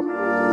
Oh.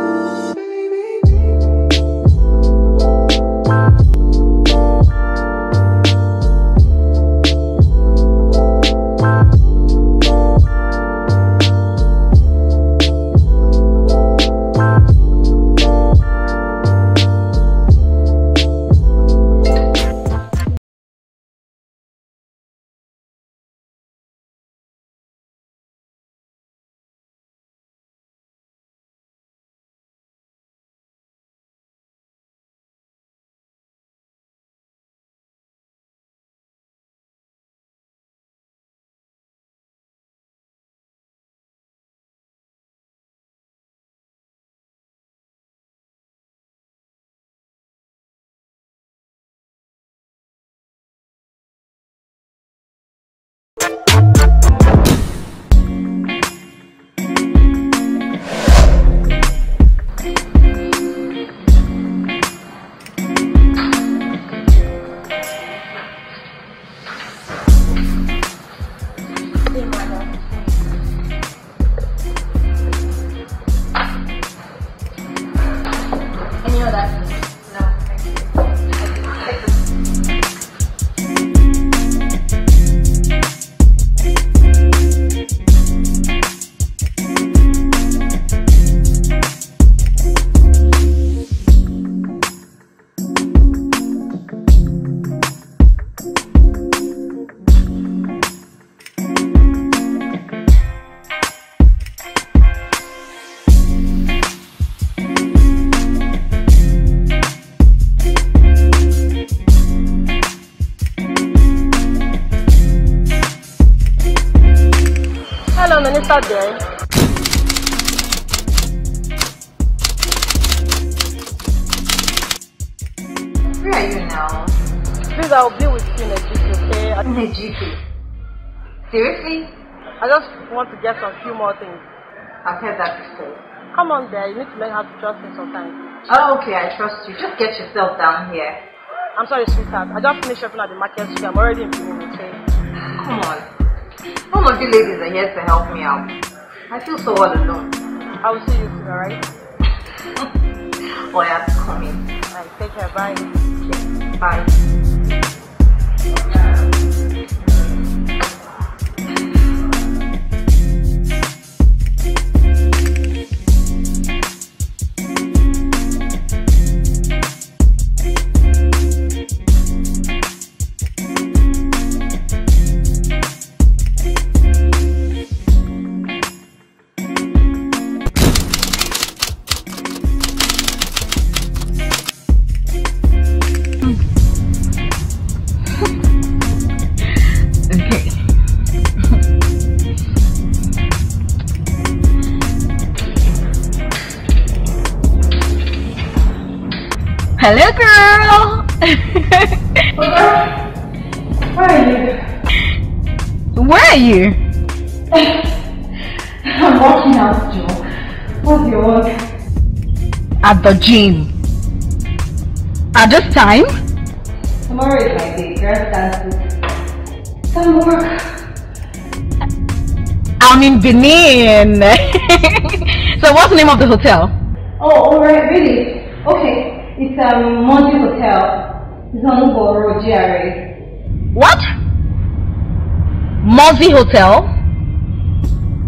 few more things. I've heard that before. Come on there, you need to learn how to trust me sometimes. Oh, okay, I trust you. Just get yourself down here. I'm sorry, sweetheart. I just finished shopping at the market street. I'm already in the okay? Come on. None of you ladies are here to help me out. I feel so all alone. I will see you soon, alright? well, I come in. Alright, take care. Bye. bye. Hello, girl! Where are you? Where are you? I'm working out, Joe. What's your work? At the gym. At this time? Tomorrow is my day. Girls dance. Some work. I'm in Benin. so what's the name of the hotel? It's um, Monty Hotel. It's on Ugo Road, GRA. What? Mozzie Hotel,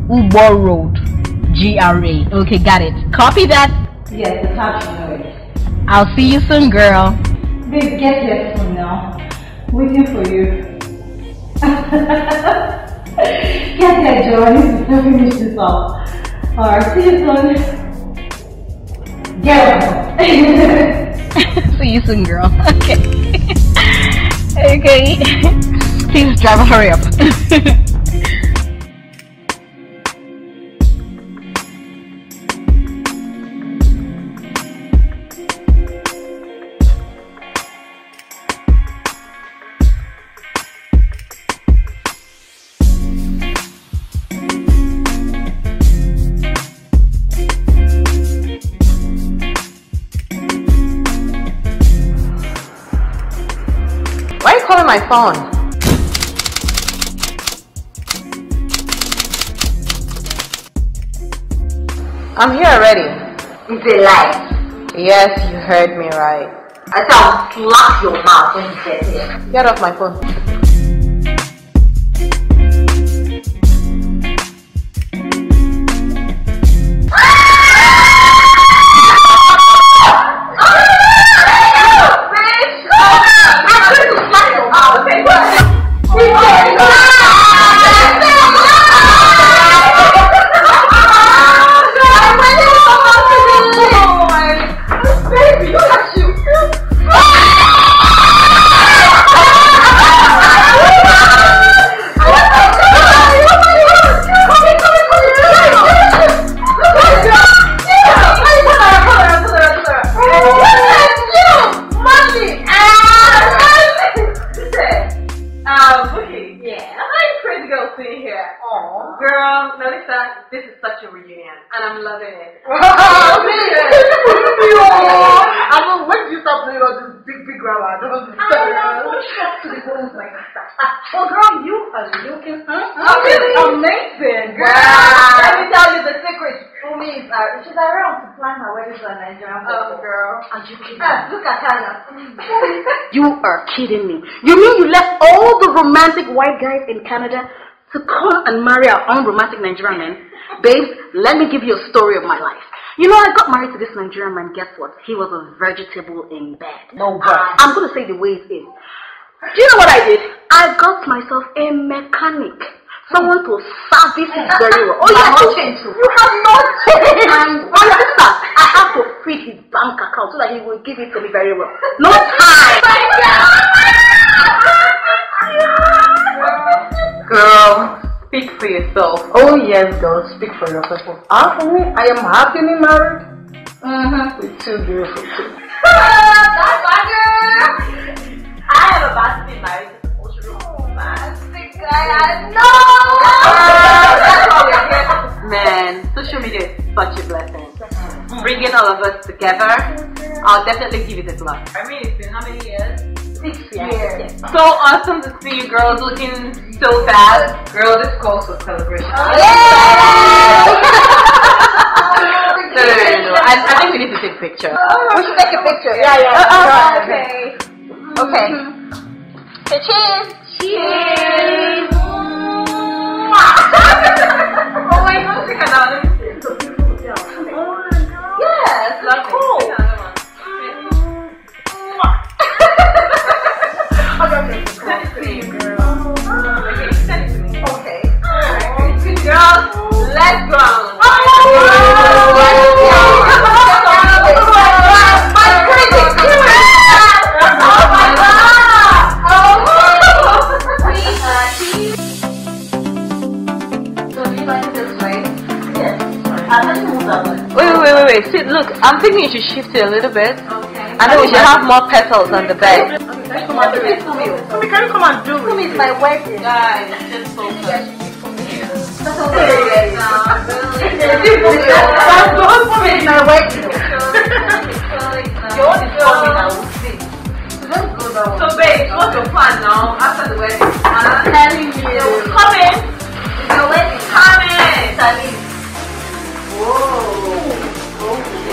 Ubo Road, GRA. Okay, got it. Copy that. Yes, the caption noise. I'll see you soon, girl. Babe, get here soon now. Waiting for you. get here, Joe. I need to finish this up. Alright, see you soon. Get up. See you soon, girl. Okay. okay. Please, drive. hurry up. cover my phone. I'm here already. It's a lie. Yes, you heard me right. I shall slap your mouth when you get here. Get off my phone. Well, girl, you are looking huh? oh, really? amazing. Girl. Wow. Let me tell you the secret. me, is uh, she's around to plan her wedding to a Nigerian Oh, girl. you look at her you are kidding me. You mean you left all the romantic white guys in Canada to come and marry our unromantic Nigerian man? babe? let me give you a story of my life. You know, I got married to this Nigerian man. Guess what? He was a vegetable in bed. No, God. I'm going to say the way it is. Do you know what I did? I got myself a mechanic. Someone to service it very well. Oh, you have not changed. You have not changed. And my sister, I have to free his bank account so that he will give it to me very well. No time. Girl, speak for yourself. Oh yes, girl, speak for yourself. After for me, I am happily married. Mm-hmm. With two beautiful children. That's my girl. I am about to be married to the most romantic guy I know. Man, social media is such a blessing. Mm-hmm. Bringing all of us together, I'll definitely give it a love. I mean, it's been how many years? Six years. Yes. So awesome to see you girls looking so fab. Girl, this calls for celebration. Oh, no, no, no. I, I, think we need to take a picture. Oh, we should take a picture. Yeah, yeah. Oh, okay. okay. Okay. So cheers. Cheers. oh my gosh, I got Yes, that's cool. okay, okay, cool. Okay, send it to me. Okay. Alright. Girls, let's go. Oh, Okay, see, look, I'm thinking you should shift it a little bit. Okay. I know we should have more petals on the bed. Okay, can you come and do it? Kumi, can you come and do it? Kumi is my wedding. Guys, just so So babe, what's your plan now after the wedding? I'm telling you. Coming. It's Your wedding coming. Coming. Whoa.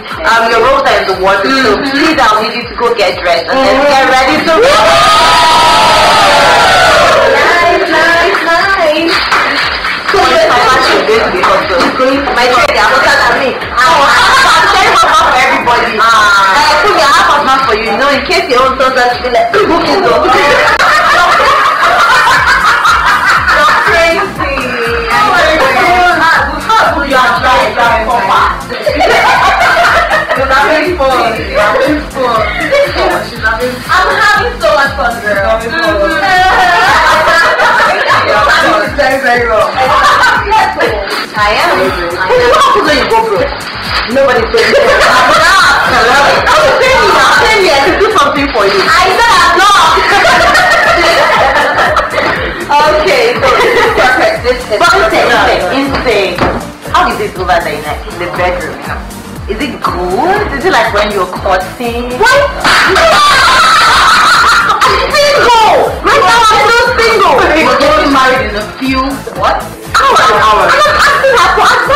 um, your robes are in the water, so mm-hmm. please I'll need you to go get dressed and then get ready So mm-hmm. Nice, nice, nice. So then, how much you're going My chair, they are looking at me. I'm sharing my mouth for everybody. Ah. Uh, I put my half of mouth for you, you know, in case your own sons to be like, book what happened when you go broke? Nobody told I was I saying I'm saying I could do something for you. I said I'm not. okay, so this is perfect. This is perfect. Insane. How is it over there in the bedroom? Is it good? Is it like when you're courting? What? single! Right now I'm still single! We're getting married in a few what? Hours. Hours you have to ask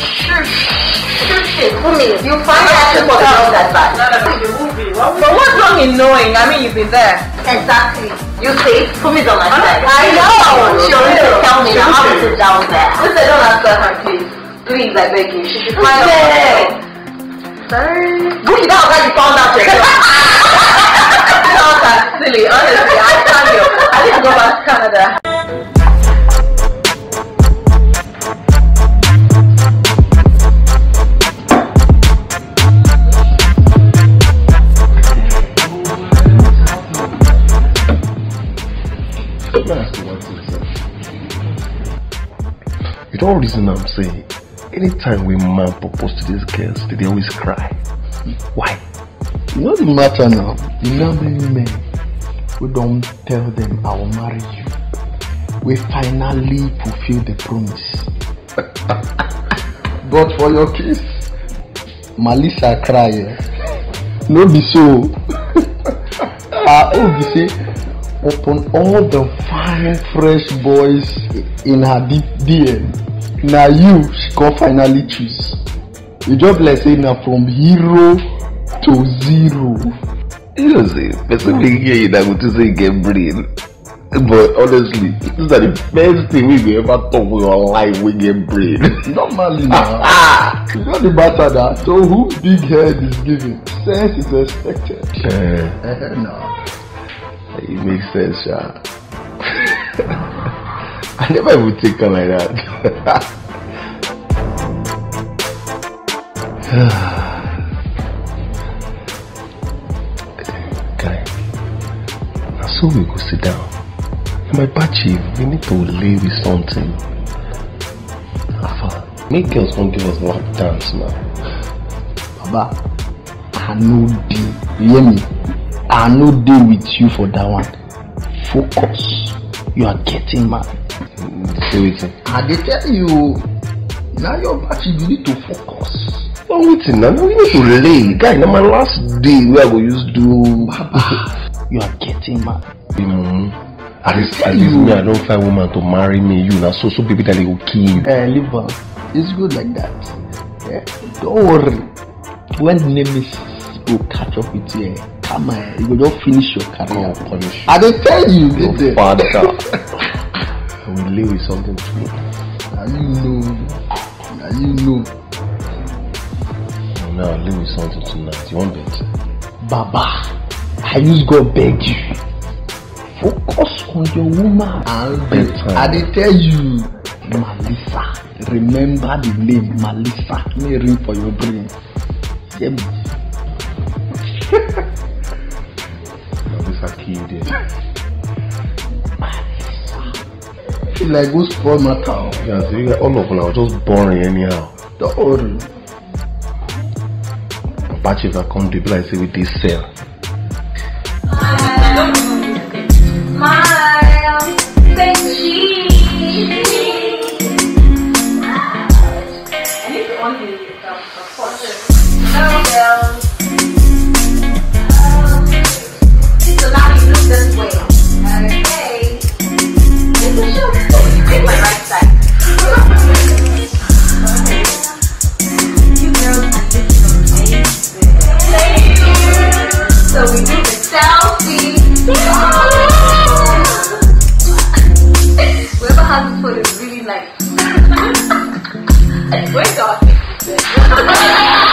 Sure. Sure. Who You find out people don't advise. But what's wrong in knowing? I mean, you've been there. Exactly. You see, Fumi's on my side. I know. She already tell me now how to sit down there. Listen, don't ask her, please. Please, I beg you. She should find out. Sorry. Good, that was how you found out yourself. Sounds silly, honestly. I can't. I need to go back to Canada. The only reason I'm saying. Anytime we man propose to these girls, they always cry. Why? It doesn't matter now. You know many men we don't tell them I will marry you. We finally fulfill the promise. but for your kiss, Malisa cry. Eh? No be so. I hope ah, oh, you see, upon all the fine fresh boys in her DM. na you she come finally choose e just like say na from hero to zero. you know hmm. say person wey hear you na go think say you get brain but honestly this na the best thing wey you ever talk for your life wey get brain. normally na You no the matter na so who big head is giving sense is expected. Uh, uh, no. it make sense. Yeah. I never take think like that. so we go sit down. My bachi, we need to leave with something. Alpha, make girls won't give us lap dance now. Baba, I no deal. You hear me? I no deal with you for that one. Focus. You are getting mad. say wetin. i dey tell you now your battery you need to focus. no wait, na no we need to lay guy now my last day where i go use do. baba you are getting mad. Mm -hmm. at least at least me i don't find woman to marry me you na so so baby daddy go kill you. Uh, leave am it's good like that Yeah? don't worry when the name is, go catch up with you Come eh, karma you go don finish your career. God punish you. i dey tell you. your father. can relay with something to me. Now you know, now you know. Now I'll leave with something tonight. You want it, Baba, I use God beg you. Focus on your woman and bet. I dey tell you, Malisa. Remember the name Malisa. May ring for your brain. Yeah. Malisa killed it. like who spoil my town. Yeah, so you got all of now just boring anyhow. The old. Apache that come to be like say with this cell. My, my, selfie. Whoever has this phone is really nice. Where's our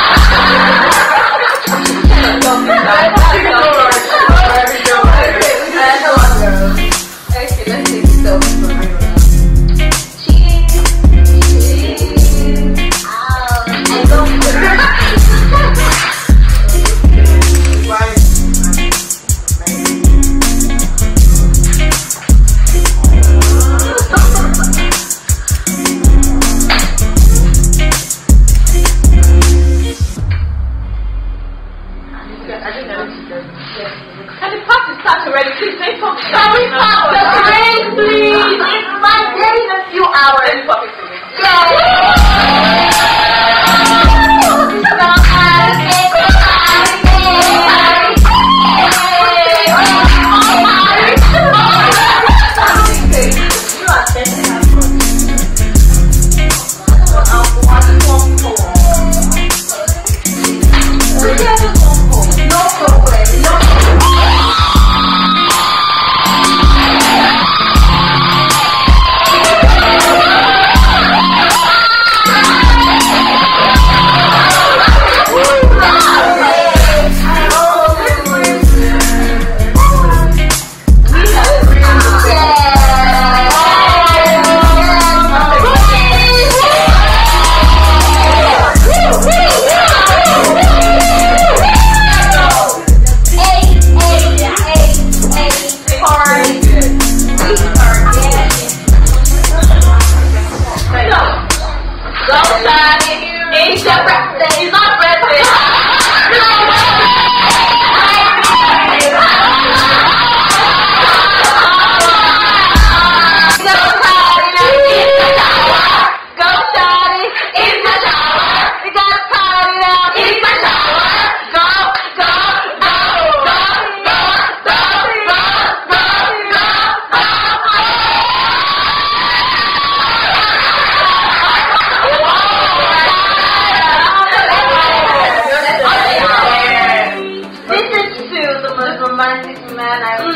and I will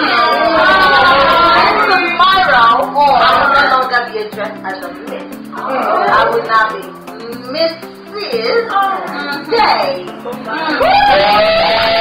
hmm. oh, And tomorrow, oh, I oh, will no longer be addressed as a miss. Hmm. I will now be Mrs. Oh. Day. Hmm.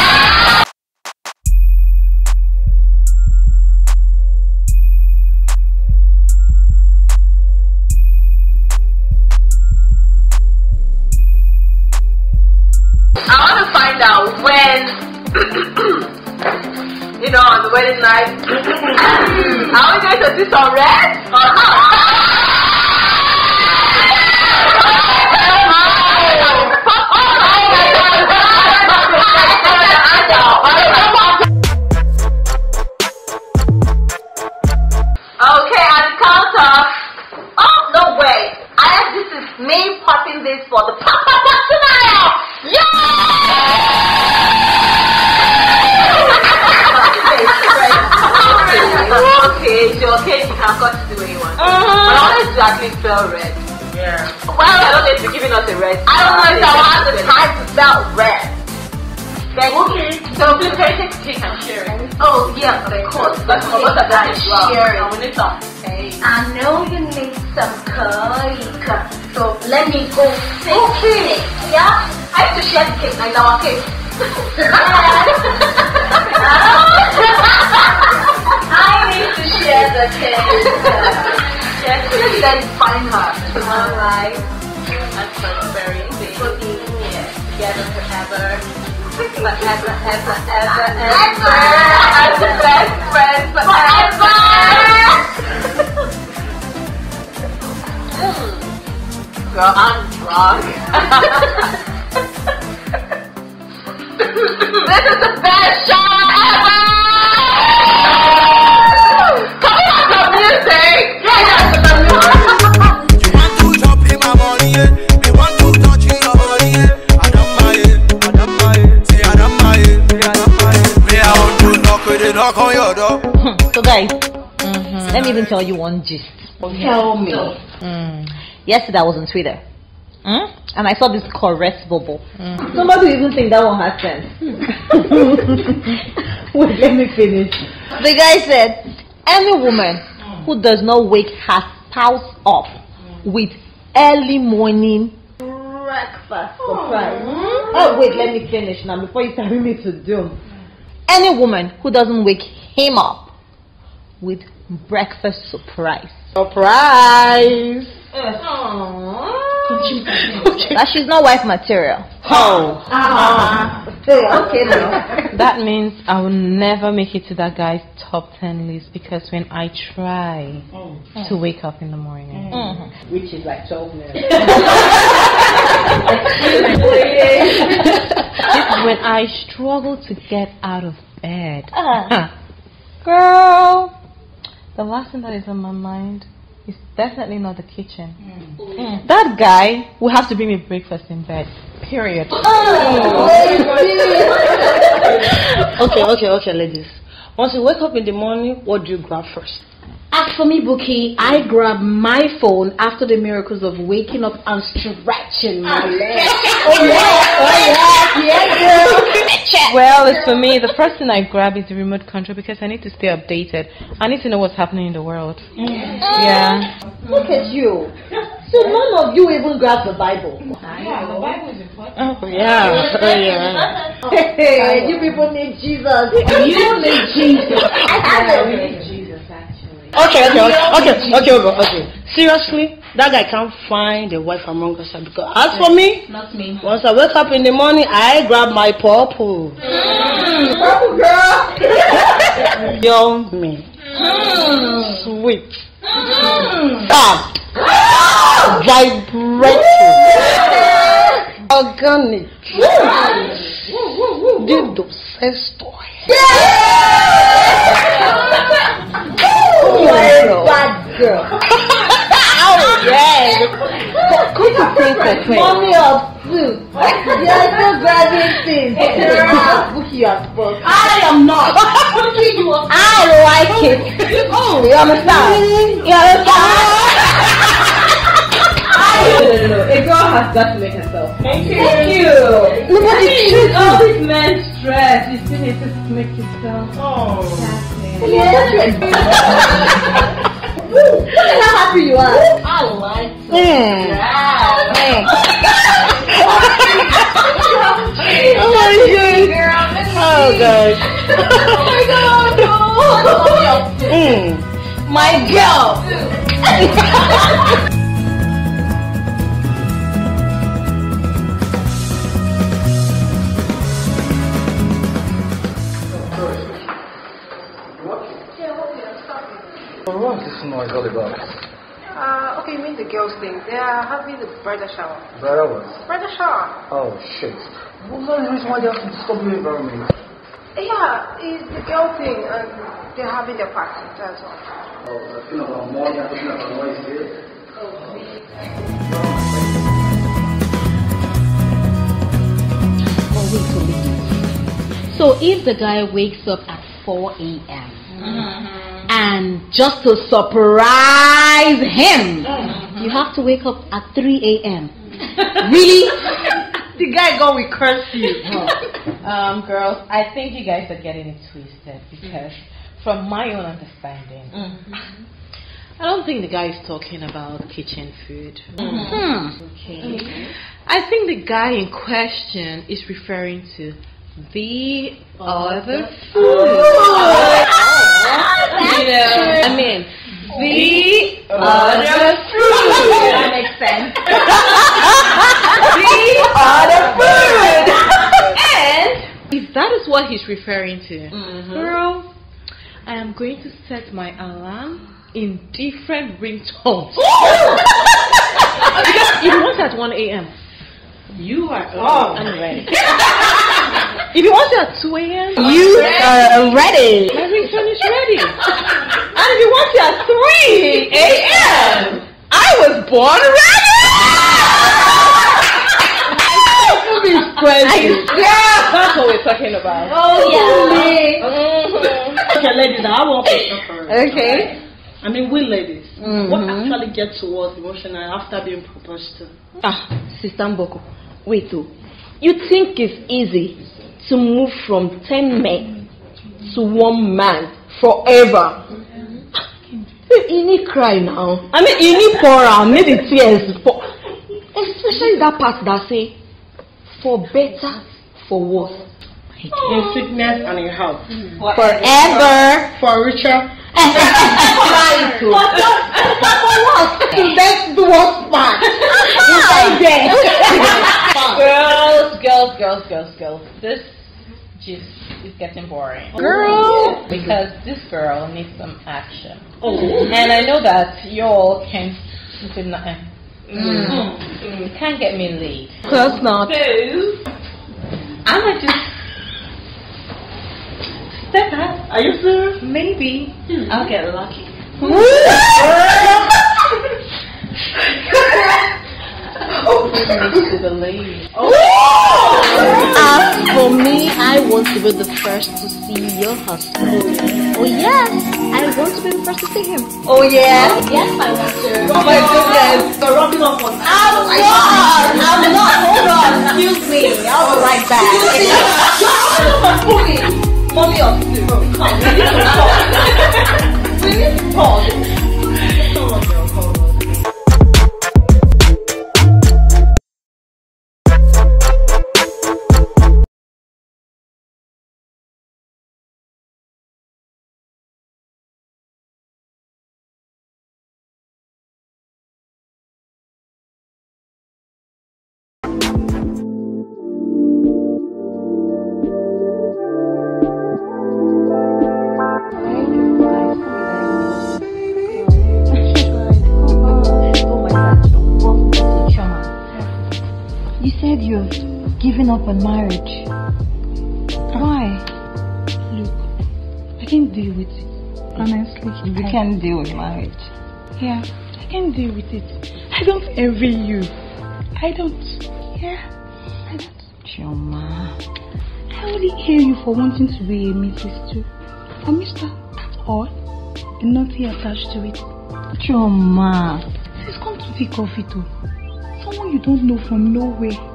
I want to find out when, you know, on the wedding night, How are you going to do some red or how? name popping this for the Papa Batsumaya! Yeah! okay, it's your case, you can cut to anyone. Uh -huh. But I wanted to actually spell red. Yeah. Well, I don't know if you're giving us a red. I don't know if I want to spell red. Like, okay. So please can you take and share it? Oh, yeah, of course. But we look at that as well. Share it. When I know you need some cake, so let me go fix okay. it. Yeah? I have to share the cake, I love cake. I need to share the cake. Share the Then find her. Alright. That's very easy. Cooking, Together forever. Forever, ever, ever, ever. I'm the best friend forever. Girl, I'm drunk. this is the best show ever. Odo. so guys, mm -hmm. let me even tell you one gist. Tell me. Mm. Yesterday I was on Twitter. Mm? And I saw this correct bubble. Mm. Somebody even think that one has sense. Wait, let me finish. The guy said, any woman who does not wake her spouse up with early morning breakfast surprise. Oh. oh, wait, let me finish now before you tell me to do. Any woman who doesn't wake came up with breakfast surprise. Surprise! that she's not wife material. Oh. Uh-huh. okay That means I will never make it to that guy's top ten list because when I try mm. to wake up in the morning, mm. Mm-hmm. which is like twelve minutes. when I struggle to get out of bed. Uh. Girl, the last thing that is on my mind is definitely not the kitchen. Mm. Mm. That guy will have to bring me breakfast in bed. Period. Oh, okay, okay, okay, ladies. Once you wake up in the morning, what do you grab first? As for me, bookie, I grab my phone after the miracles of waking up and stretching my ah. legs. oh yeah, oh yeah, yeah, Well, it's for me. The first thing I grab is the remote control because I need to stay updated. I need to know what's happening in the world. Mm. Yeah. Mm. Look at you. So none of you even grab the Bible. Yeah, the Bible is important. Oh yeah, oh yeah. Hey, you people need Jesus. You need Jesus. I have Okay, okay, okay, okay, okay, Seriously, that guy can't find a wife among us because as for me, not me. Once I wake up in the morning, I grab my purple. Purple mm. girl. Young me. Mm. Sweet. Fab. Mm. Vibrating. Organic. The sex toy. Yeah! oh, girl. bad girl. oh, yes. Could you think that way? Mommy of two. You are so bad things. book you have I am not. I like it. Oh, you understand? You understand? no, no, no, no. has got to make herself. Thank you. Thank you. Look at it's true. All this man's stress, He still needs to make himself. Oh. Yeah. Look at how happy you are. I like it. Mm. Yeah. Mm. oh my gosh. Oh gosh. oh my god, no. Mm. My girl. noise all about? Uh, okay, you mean the girls thing. They are having the bridal shower. Bridal what? Bridal shower. Oh, shit. Well, no reason why they have to disturb your environment. Yeah, it's the girl thing, and they're having their party, that's all. Oh, the thing about more, you're talking about noise here? So if the guy wakes up at 4 a.m., mm -hmm and just to surprise him, you have to wake up at 3 a.m. really? the guy go, we curse you. Um, girls, I think you guys are getting it twisted because, from my own understanding, mm-hmm. I don't think the guy is talking about kitchen food. Mm-hmm. Okay. I think the guy in question is referring to the other food. Oh. I mean, the other food. fruit. That makes sense. The other food. and if that is what he's referring to, mm-hmm. girl, I am going to set my alarm in different ringtones. because it was at 1 a.m. You are oh. ready. if you want it at 2 a.m., you are ready. Everything is ready. and if you want it at 3 a.m., I was born ready. yeah. That's what we're talking about. Oh, yeah. Mm-hmm. Okay, ladies, I want to first. Okay. I mean, we ladies, mm-hmm. what actually gets towards emotional after being proposed to? Ah, Sister Mboko. Wait, oh, you think it's easy to move from 10 men to one man forever? You need cry now. I mean, you need pour out, make tears For, Especially that part that say, for better, for worse. In sickness and in health. Forever. For richer, Trying to. What the, what the what? That's the what part. Inside there. girls, girls, girls, girls, girls. This just is getting boring. Girl! Because this girl needs some action. Oh. And I know that y'all can deny. Mm. Mm. Can't get me laid. Of course not. I'm gonna just that's us. Are you serious? Maybe. Hmm. I'll get lucky. Oh. As for me, I want to be the first to see your husband. Oh yes, I want to be the first to see him. Oh yes, oh, yes I want to. Oh my goodness, You're rubbing off on. Oh, I'm not. I'm not. Hold on. Excuse me. I'll be right back. 我尿急，操！真操！真操！giving up on marriage. Why? Look, I can't deal with it. Honestly. You can't deal with marriage. Yeah, I can't deal with it. I don't envy you. I don't. Yeah, I don't. Choma. I only hear you for wanting to be a Mrs. too. For Mr. That's all. And nothing attached to it. Choma. Please come to think of it. Someone you don't know from nowhere.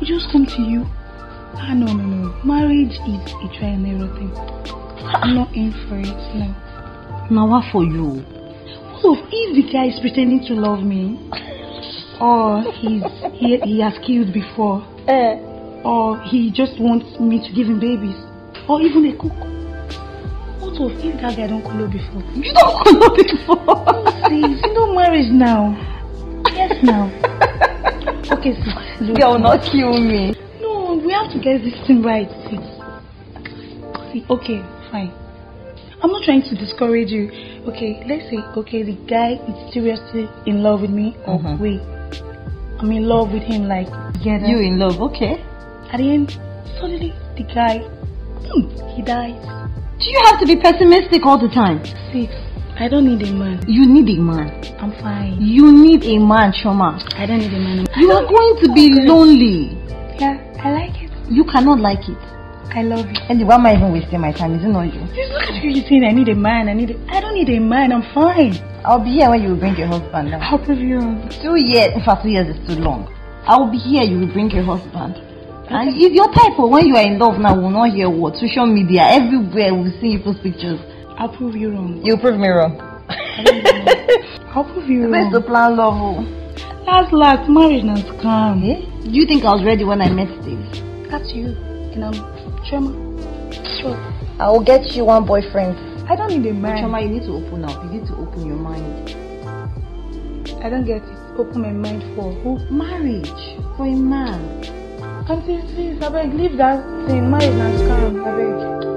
Would just come to you. Ah, no, no, no. Marriage is a try and error thing. I'm not in for it, no. Now, what for you? So, if the guy is pretending to love me, or he's he, he has killed before, uh, or he just wants me to give him babies, or even a cook. What of if that guy don't call before? You don't call before. see, you know marriage now. Yes, now. okay, so this girl will not kill me. No, we have to get this thing right. See, okay, fine. I'm not trying to discourage you. Okay, let's say, okay, the guy is seriously in love with me. Or uh wait, I'm in love with him, like, together. You in love, okay. At the end, suddenly, the guy, hmm, he dies. Do you have to be pessimistic all the time? See, I don't need a man. You need a man. I'm fine. You need a man, Shoma. I don't need a man. You are going to be okay. lonely. Yeah, I like it. You cannot like it. I love it. And why am I even wasting my time? Is it not you? Just look at you. You're saying I need a man. I need. A, I don't need a man. I'm fine. I'll be here when you bring your husband. How How you? Two years. In fact, two years is too long. I will be here. You will bring your husband. And you your type. for oh, When you are in love now, we'll not hear what social media everywhere. We'll see people's pictures. I'll prove you wrong. You'll prove me wrong. I'll prove you wrong. Where's the plan, love? That's last, marriage and scam. Eh? Do you think I was ready when I met Steve? That's you. You know, Chema. Sure. I will get you one boyfriend. I don't need a man. Chema, you need to open up. You need to open your mind. I don't get it. Open my mind for who? Marriage. For a man. Auntie, please, I beg, leave that thing. Marriage and scam. I beg.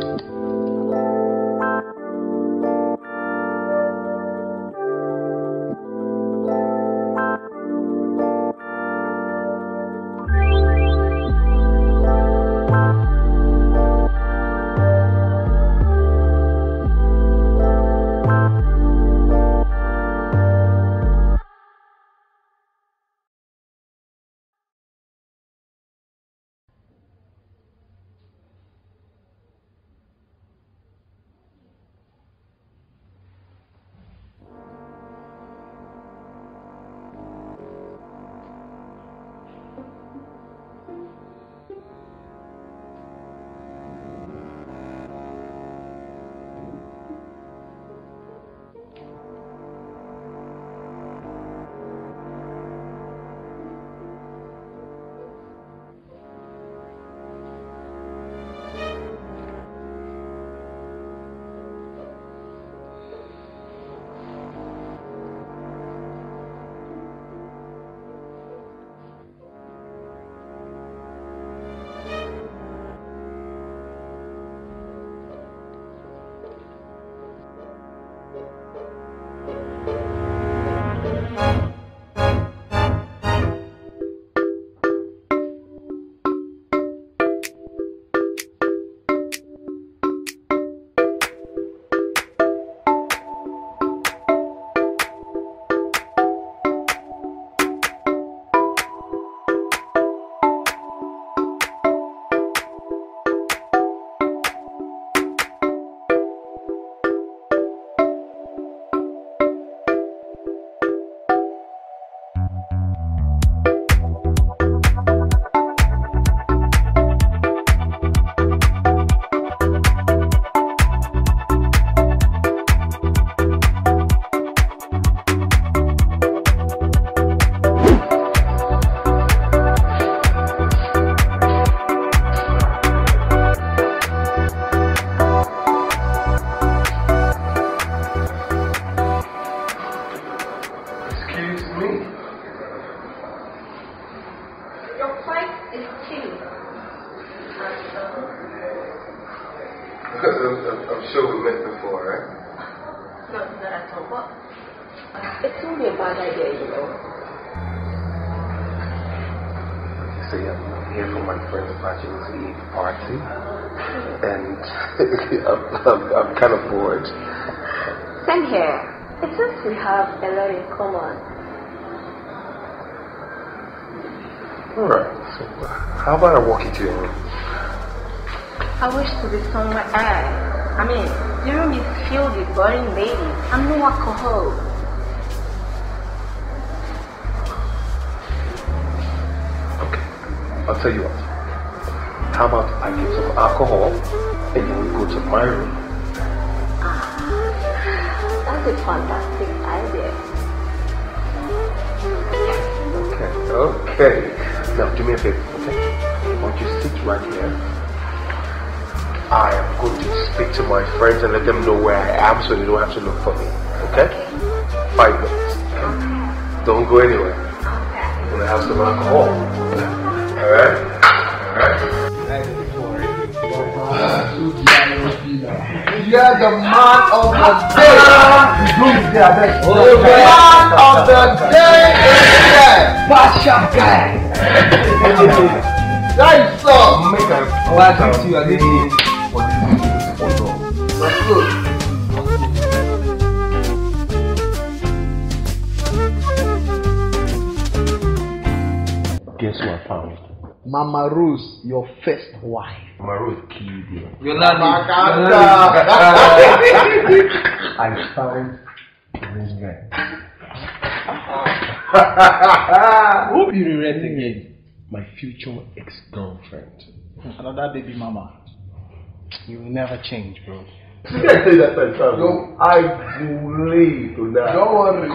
The man of the day is here. Pasha guy. That is all. Make I come to you What is this? Guess who I found? Mama Rose, your first wife. Mama Rose killed you. You're not. I found Praise God. Who you regret again? My future ex-girlfriend. Another baby mama. You will never change, bro. You can't say that No, I believe to that. Don't worry.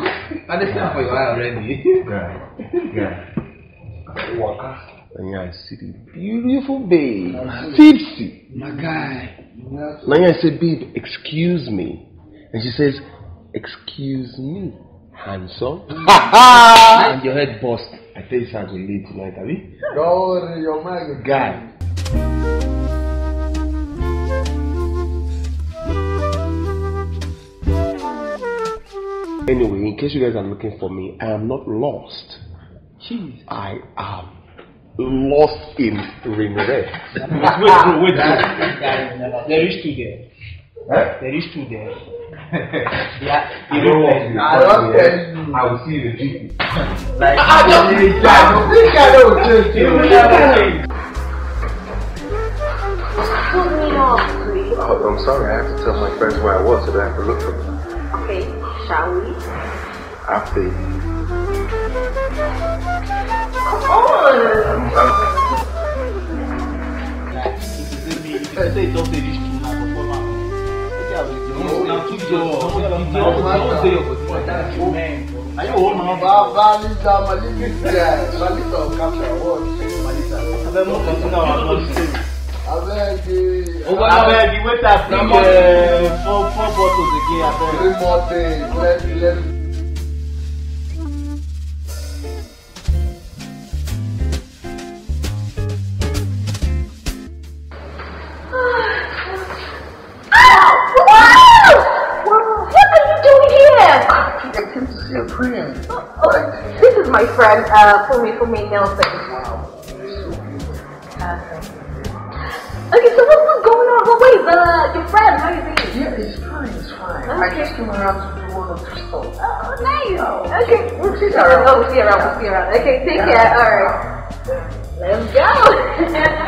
I understand for your eye already. yeah. Yeah. Waka. And yeah, I see the beautiful babe. Tipsy. My guy. I said, babe, excuse me. And she says, Excuse me, handsome. and your head bust. I tell you something late tonight, Abby. Don't worry, your man guy. Anyway, in case you guys are looking for me, I am not lost. Jeez. I am lost in Rimere. wait, wait, wait. There is two there. There is two there. yeah, I don't want to. I will see the GP. Like, I don't think I don't think I don't think I don't me off, please. Oh, I'm sorry. I have to tell my friends where I was so they have to look for me. Okay, shall we? After you. Come on! I'm, I'm... Malita, Malita, yeah, Malita will capture what? Malita. Abeg mo kan tún àwọn àgbọ̀nsẹ̀. Abeg di. Abeg di waiter bring four four bottles again abeg. Three more things, let me let Oh, oh, this is my friend, uh, Fumi Fumi Nelson. Wow, you so beautiful. Okay, so what, what's going on? Well, wait, uh, your friend, how is he? Yeah, he's fine, he's fine. Okay. I just came around to do one of the stuff. Oh, oh, nice. Oh. Okay. We'll see you around. Oh, we'll see you around, we'll see you around. Okay, take yeah. care, alright. Let's go.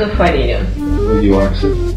so funny. You are.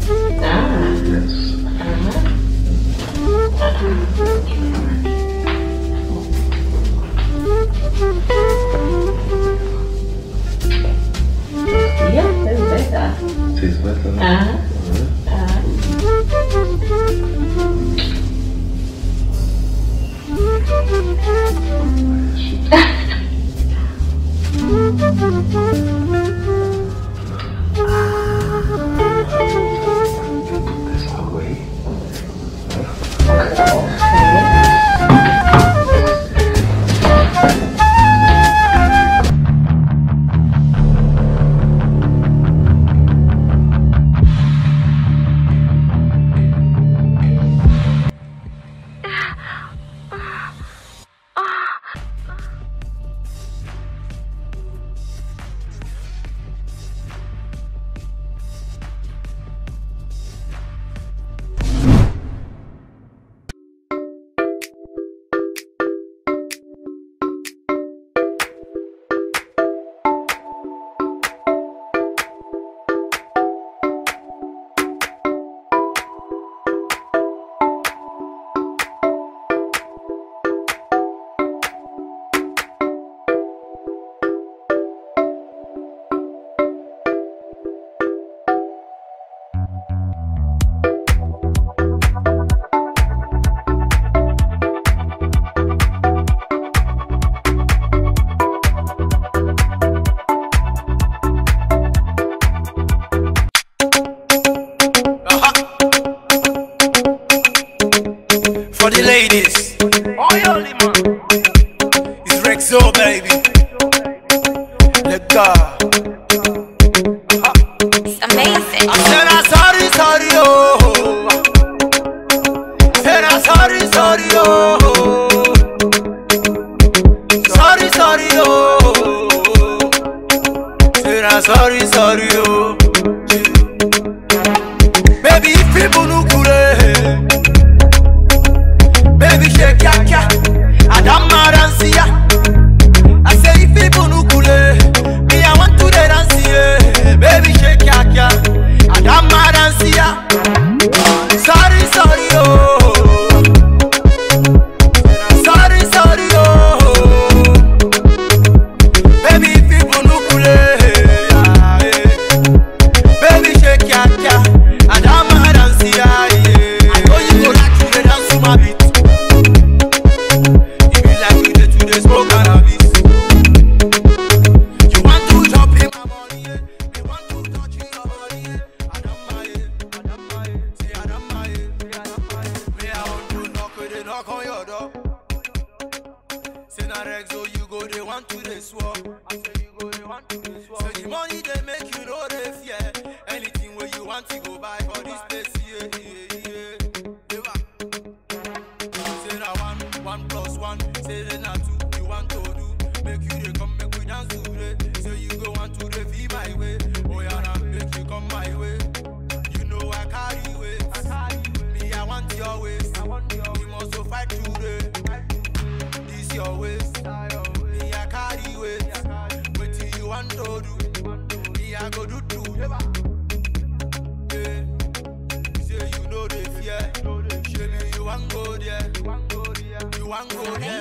wan go there. You wan go there. You wan go there.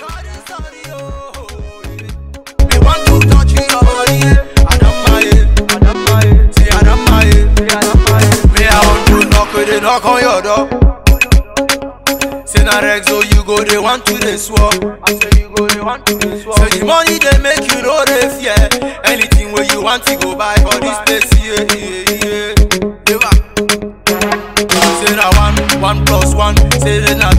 Sorry, sorry, oh. oh Me want to touch your Me I want to knock, they knock on your door. Say na Rexo, oh, you go, they want to they swap. I say you go, they want to they swap. Say the money they make you know fear. Anything where you want to go buy for this place, yeah, yeah, yeah. Say na one, one Sailing out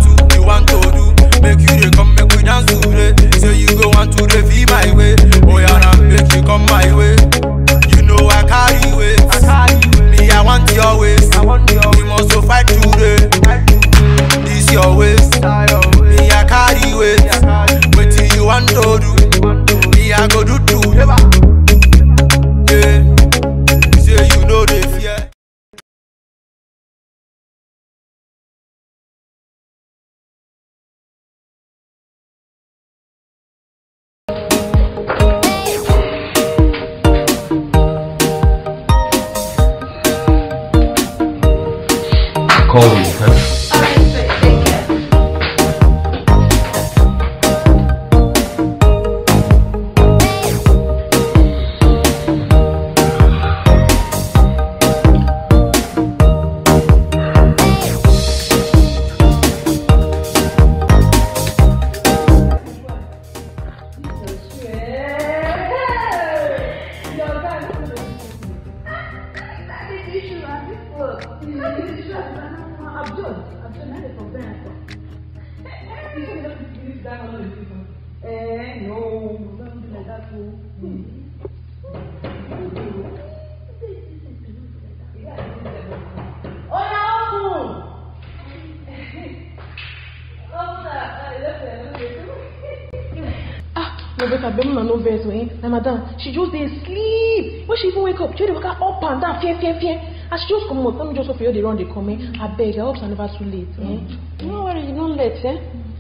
She just didn't sleep. When she even wake up, she would wake up and down, fear, fear, fear. As she just come up. Let me just hope you they run, they come in. Eh? I beg, I hope it's never too late. Eh? Mm. No worry, you're not late. Eh?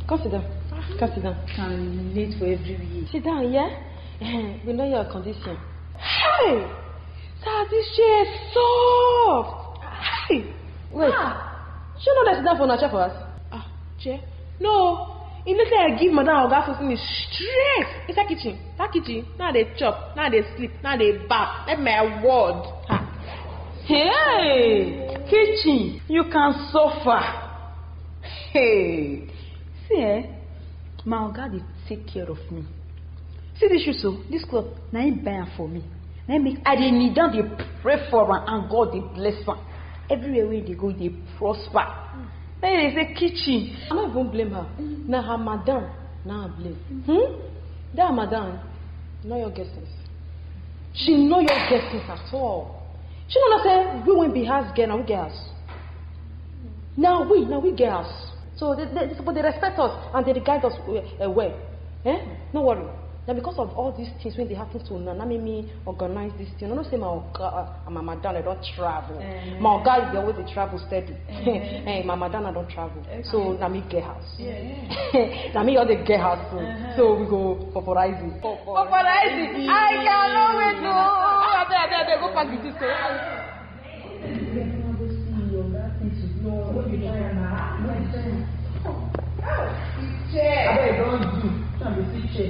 Come sit down. Come sit down. I'm late for every week. Sit down, yeah? we know your condition. Hey! Sir, this chair soft. Hey! Wait. Ah. She know that sit down for a chair for us? Ah, chair? No immediately i e give madam oga something stress inside kitchen that kitchen now dey chop now dey sleep now dey baff That my word ha hey kitchen you can suffer hey see eh my oga dey take care of me see this shoe so this cloth na him buy am for me na him make i dey kneel down dey pray for am and god dey bless am everywhere wey he dey go he dey prosper. Mm. There is a kitchen. I no even blame her. Mm. Na her madam na her blame. Mm. Hmm? That madam know your guesses. She know your guesses at all. She know say we won't be house girl na we get house. Na we na we get house. So they, they, but they respect us and they guide us uh, well. Eh? No worry na because of all these things wey dey happen to una na make me organize this thing una know say my oga uh, and my madana don travel mm. my oga dey always dey travel steady mm. hey, my madana don travel okay. so na me get house yeah, na me all dey get house so uh -huh. so we go poporize it poporize it i cannot wait o ah, abeg abeg abeg go pack the disco. Oh. Yeah. I bet it don't do. It's not see teacher.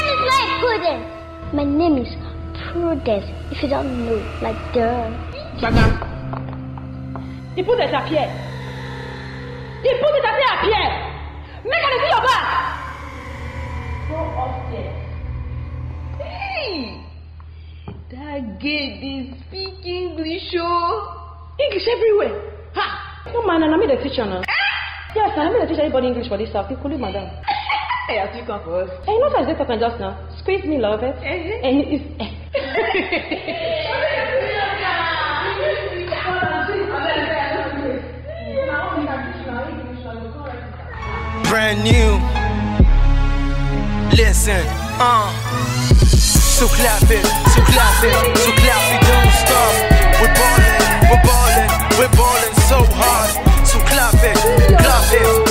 like Prudence. My name is Prudence, if you don't know, like duh. Madam, the Prudence appeared. The Prudence appeared. Make her see your back. Go upstairs. Hey! That gay is speak English oh. English everywhere. Ha! No man, I'm the teacher now. Yes, I'm the teacher everybody English for this stuff. Including madam. I as you come for us. Hey, not as if I can just now. Squeeze me, love it. Eh, eh. eh? Brand new. Listen, uh. So clap it, so clap it, so clap it, don't stop. We're ballin', we're ballin', we're ballin' so hard. So clap it, clap it.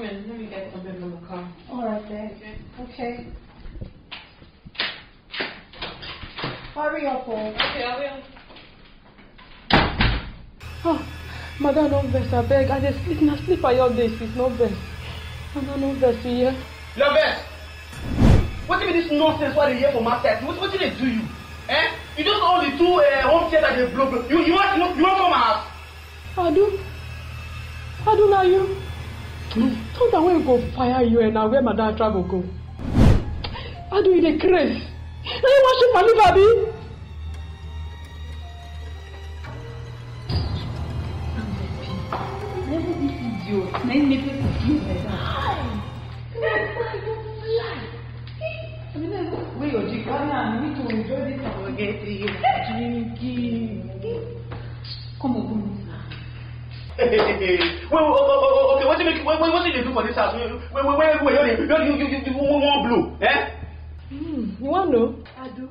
one minute. Let me get a bit of a car. All right, then. Okay. okay. Hurry up, Paul. Okay, I will. Oh, ah, mother, no vex, I beg. I just sleep, not sleep for your days. It's not best. Mother, no vex, you hear? No vex! What do you mean this nonsense why they here for masters? What, what did they do you? Eh? You just only do uh, home theater they blow, You, you, want, you, you want come out? I do. I do now you. No, thunder wey go fire you and na where my dad travel go. How do you a craze? Na you worship my liver abi? Never be idiot. Na you make me confuse like that. No, I don't lie. I mean, that's where We to enjoy this forgetting. Drinking. Come on, Well, okay, what do you what, what did you do for this house? Where where where where you you you you you want blue? Eh? Mm, you want know? I do.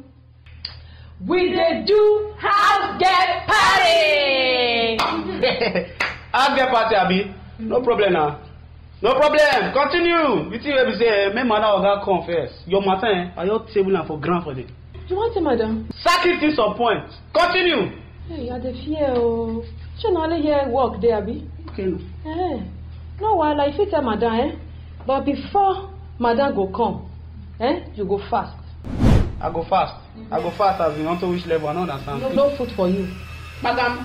We dey do house get party. house get party abi? No problem na. no problem continue you think wey be say eh, make madam oga come first your matter eh i just table am for ground for there. you wan tell madam. Sacrifice it point continue. hey i dey fear ooo. Oh ṣé na only here work dey abi. okay no. Eh, no wahala you fit tell madam eh? but before madam go come eh, you go fast. i go fast mm -hmm. i go fast as in unto which level i no understand. no, no food for you. madam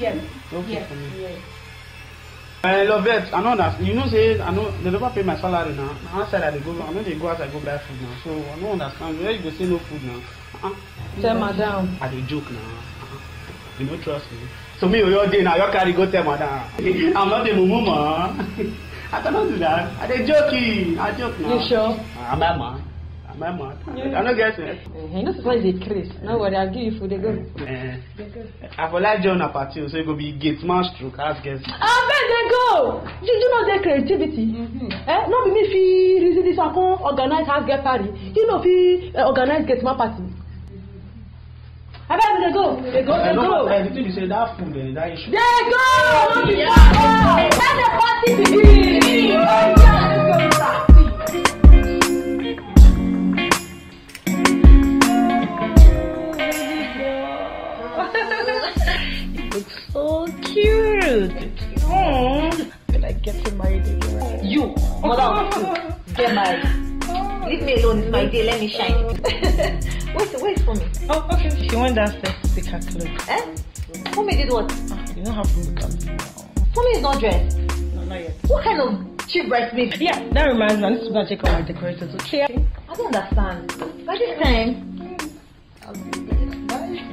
yes. no food yes. for me. Yes. Uh, eh, Lovette, I know that you know say I know they never pay my salary now. Na outside I dey go, I no dey go outside go buy food now. So I no understand where you go say no food now. Uh -uh. Tell madam. I dey joke now. Uh -uh. You no trust me. So me, your day now, your carry go tell mother. I'm not a mumu, I cannot do that. I dey joking. I joke now. You sure? Ah, I'm a man. I'm a man. Yeah. I no get sense. Uh, you know, dey craze. No worry, I'll give you food. They go. Uh, they go. I for like join apatio, so it go be gate man stroke. Ask guess. Abeg ah, dey go. You you not the creativity. Mm-hmm. Eh? No be me fit reason this. I come organize house guest party. You know fit uh, organize gate man party. I we dey go They go They go. and the thing be eh, say that food eh, that issue. They go Let the party begin you looks so cute. Aww. I feel married You, mother of get married. Leave me alone, it's my day, let me shine. Wait, wait for me. Oh, okay. She went downstairs to pick her clothes. Eh? Fumi did what? Ah, you don't have to look at me now. Fumi is not dressed. No, not yet. What kind of cheap bridesmaid? Yeah, that reminds me. I need to go and check on my decorators, okay? I don't understand. By this time. i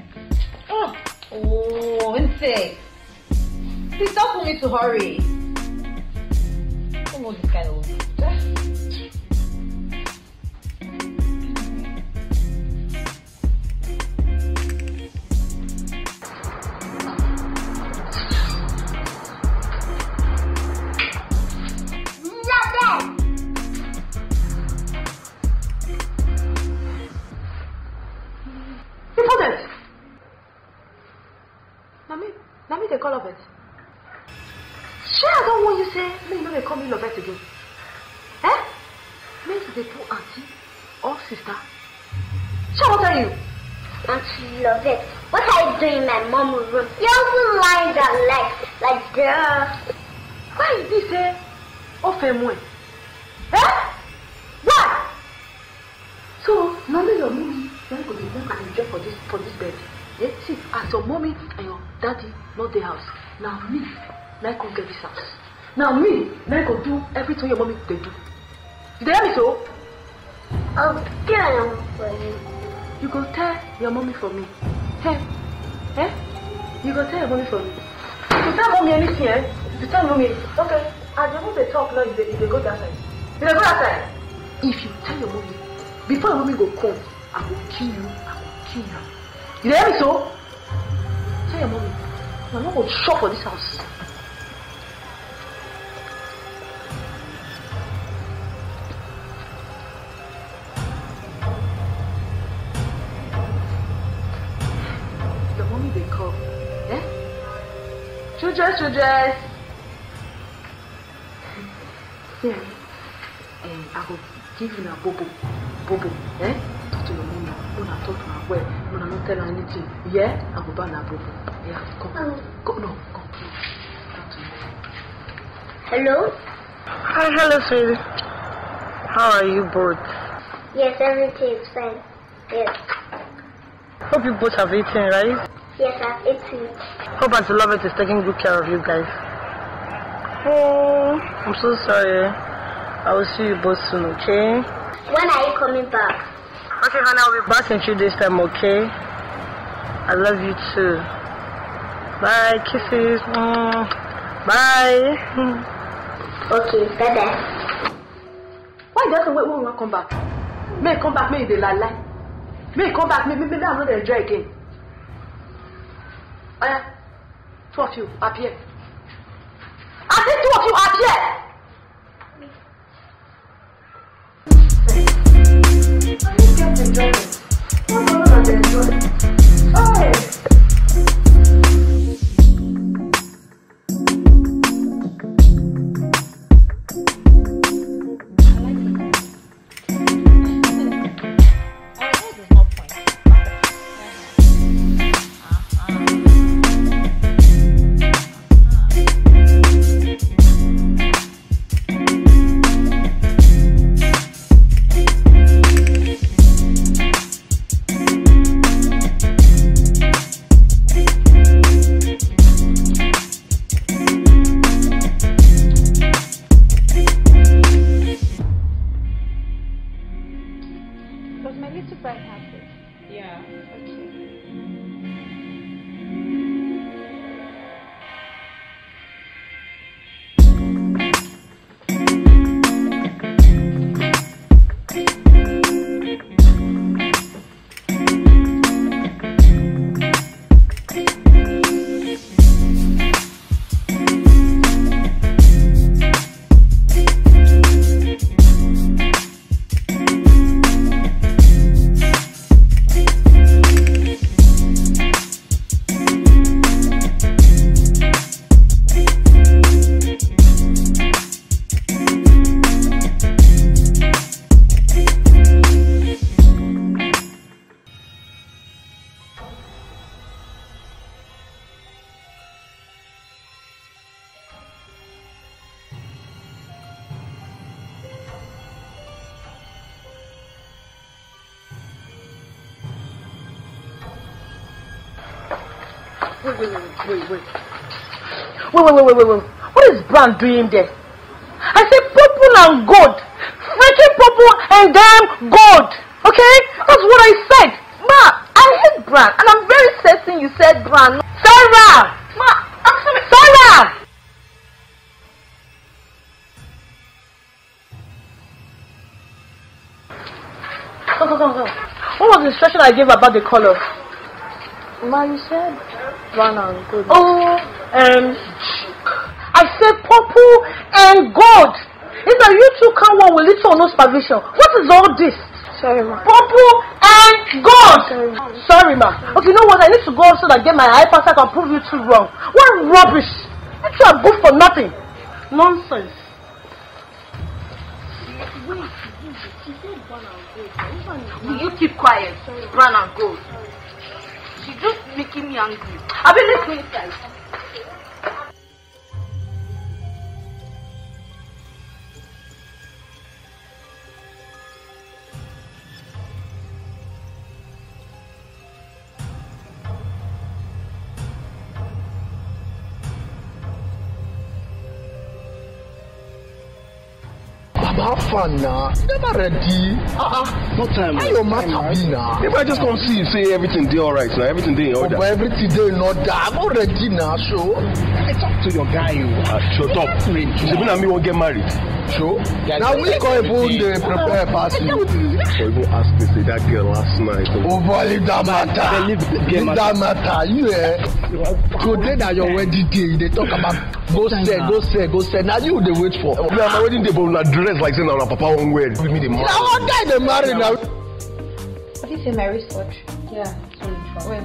ah, Oh, oh, insane. Please tell me to hurry. Fumi this kind of. Now me, now I go do everything your mommy dey do. Did dey hear me so? I'll I am for you. You go tell your mommy for me. Hey, eh? You go tell your mommy for me. If you tell mommy anything, eh? If you tell mommy, okay. As your mom dey talk now, If they you dey go that side. if they go that side. If you tell your mommy, before your mommy go come, I will kill you. I will kill you. Did dey hear me so? Tell your mommy, my mom will shop for this house. Eh, you dress your dress. um, I go give una bobo, bobo, eh? Talk to your mom now. Una talk to her well. Una no tell her anything. Yeah, I go buy na bobo. Yeah, come, um, go, no, come, please. Talk to me. Hello. Hi, hello, sweetie. How are you both? Yes, everything is fine. Yes. Hope you both have eaten, right? Yes, I'm 18. Hope Auntie Lovett is taking good care of you guys. Oh, I'm so sorry. I will see you both soon, okay? When are you coming back? Okay, honey, I'll be back in two days' time, okay? I love you too. Bye, kisses. Bye. Okay, bye bye. Why does wait when we come back? May come back, may they lie. May come back, may, may, I'm not enjoy again. Aya, eh? two of you appear. I said two of you appear. Let Wait, wait, wait, wait, wait. Wait, wait, wait, wait, wait. What is Brand doing there? I said purple and gold. Freaking purple and damn gold. Okay? That's what I said. Ma, I hate Brand. And I'm very certain you said Brand. Sarah! Ma, I'm sorry. Sarah! Go, go, go, go. What was the instruction I gave about the color? Ma, you said brown and gold. Oh, um, I said purple and gold. Is that you two come one with little or no supervision? What is all this? Sorry, ma. Purple and gold. Sorry, ma. Sorry, ma. Okay, you know what? I need to go so that I get my iPad so I can prove you two wrong. What rubbish! You two are both for nothing. Nonsense. Will you keep quiet? Brown and gold. She do making me angry. I've been listening to you. fan now. You never ready. Uh-uh. No time. How your matter be now? If I just come see you say everything dey alright now, everything dey in order. Oh, but everything dey in order. I'm not ready now, so. I talk to your guy, you. Uh, shut up. Shebi na me wan get married. So, yeah, now we go even the prepare pass you. For even ask me say that girl last night. Oh? Over leave that matter. Leave that matter. You eh? Today that your wedding day, They talk about Go sell, go sell, go sell. Now you they wait for. Now my wedding day, but we dress like saying our papa won't wear. Give me the money. Now one guy oh. they marry now. Have you seen marriage watch? Yeah. Wait.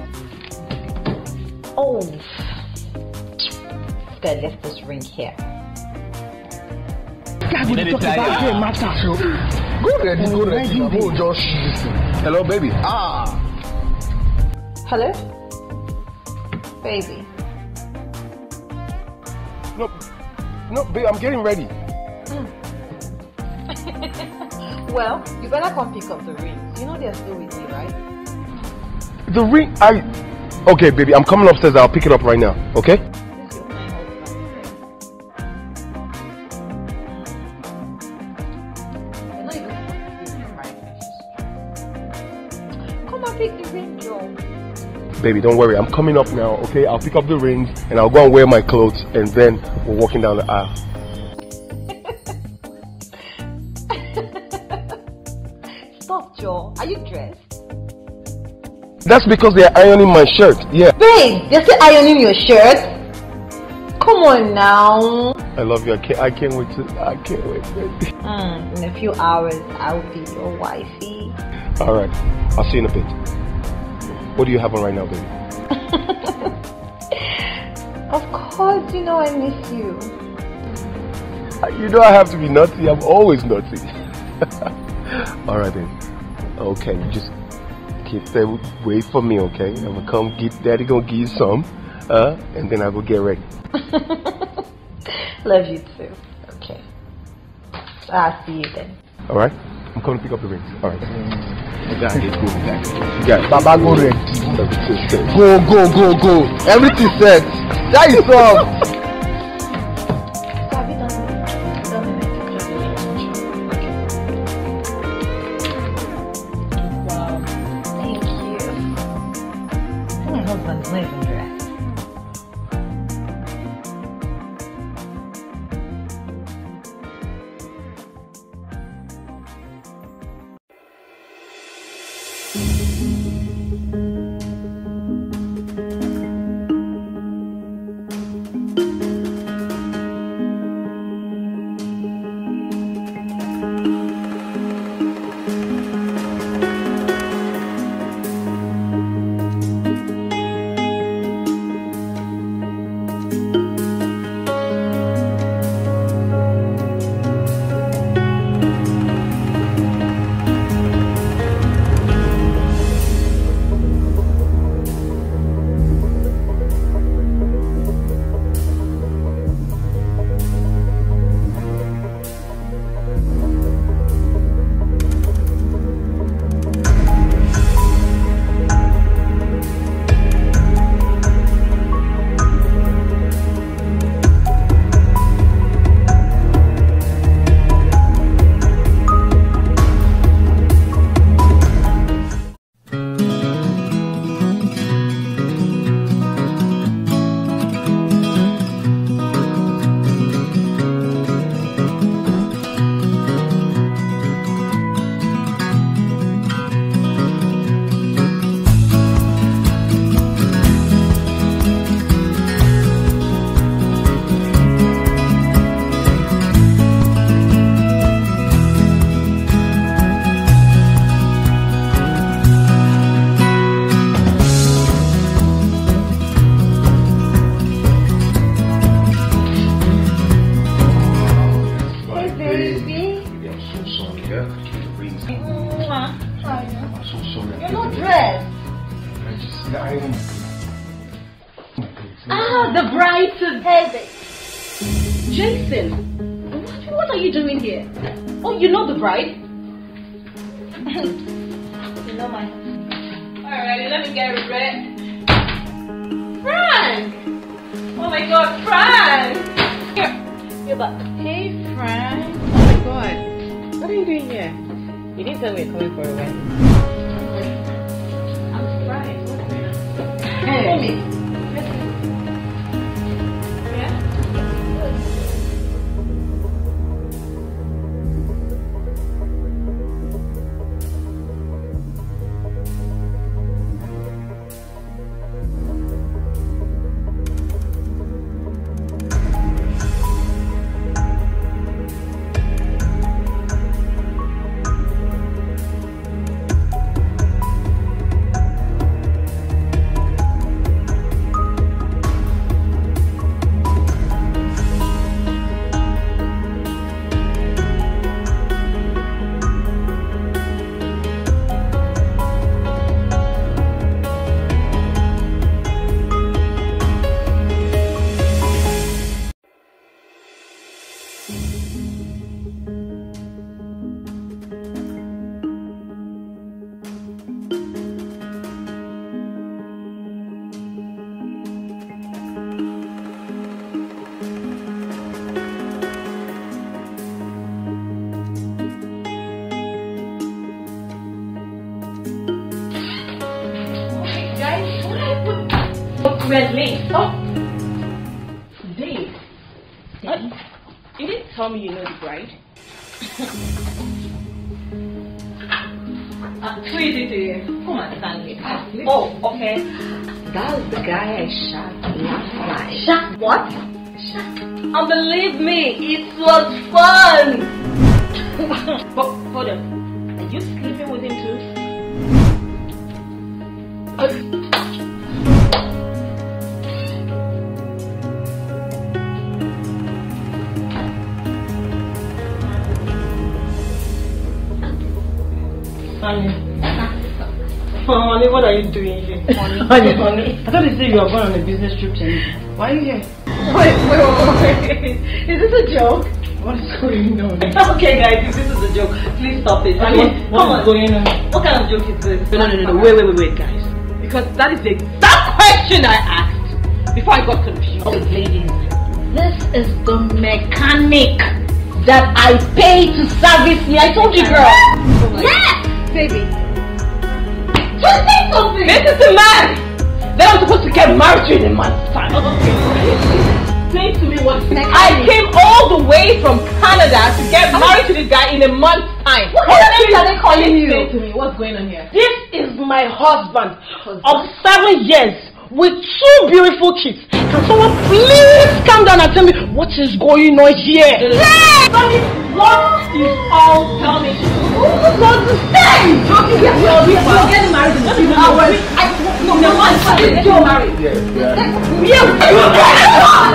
Oh. This guy left this ring here. Guy, we talk about the matter. Go ready, go oh, ready. Go just Hello, baby. Ah. Hello, baby. No, no, babe, I'm getting ready. well, you better come pick up the ring. You know they're still with me, right? The ring, I... Okay, baby, I'm coming upstairs. I'll pick it up right now, okay? baby, don't worry, I'm coming up now, okay? I'll pick up the rings and I'll go and wear my clothes and then we're walking down the aisle. Stop, Joe. Are you dressed? That's because they're ironing my shirt, yeah. Babe, they're still ironing your shirt? Come on now. I love you. I can't, I can't wait to. I can't wait. Mm, in a few hours, I'll be your wifey. All right. I'll see you in a bit. What do you have on right now, baby? of course, you know I miss you. You know I have to be naughty. I'm always naughty. All right then. Okay, just keep that. Wait for me, okay? I'm gonna come get daddy. Gonna give you some, uh, and then I go get ready. Love you too. Okay. I'll see you then. All right. I'm coming to pick up the ring. All right. Exactly. Mm. Go. Yeah. Baba go ready. Go, go, go, go. Everything set. That is all. And believe me, it was fun. but hold on, are you sleeping with him too? Honey. honey, what are you doing here? Honey, honey. honey. I thought you said you were going on a business trip to Why are you here? Wait, wait, wait, Is this a joke? What is going on? okay, guys, if this is a joke, please stop it. I mean, what, what is on. going on? What kind of joke is this? No, no, no, no. Wait, wait, wait, wait, guys. Because that is the exact question I asked before I got confused. ladies, this is the mechanic that I pay to service me. I told you, girl. Oh yes, baby. Just say something. This is the man that I'm supposed to get married to in a month's time. Oh, explain to me what like, I came all the way from Canada to get married to this guy in a month's time. What kind of things are they calling you? Explain to me what's going on here. This is my husband, husband. of seven years with two beautiful kids. Can someone please calm down and tell me what is going on here? Tell me what is all tell me. Who does this thing? Talking to your people. You're getting married in a few hours. I, no, no, I'm getting married. Yes, yeah. Yes, yeah.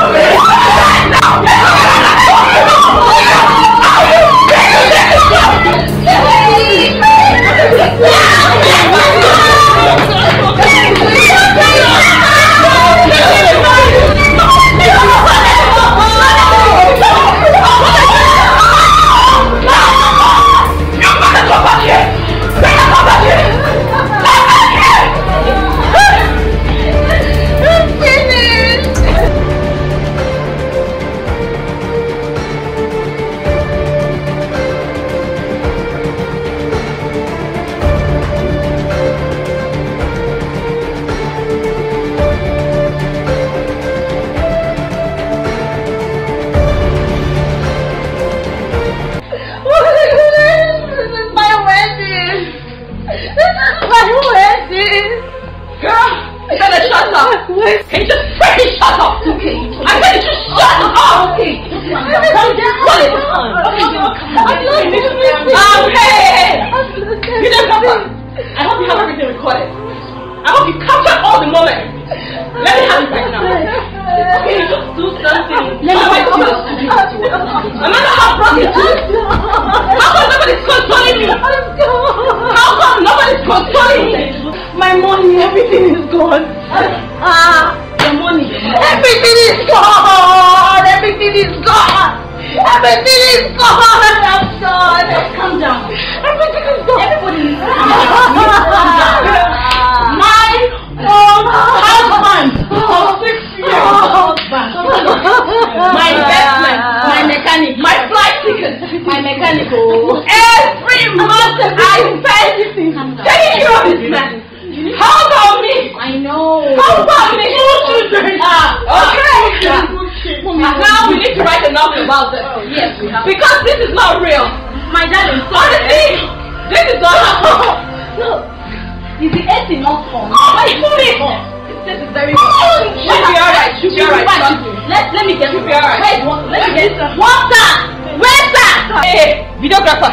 Videographer,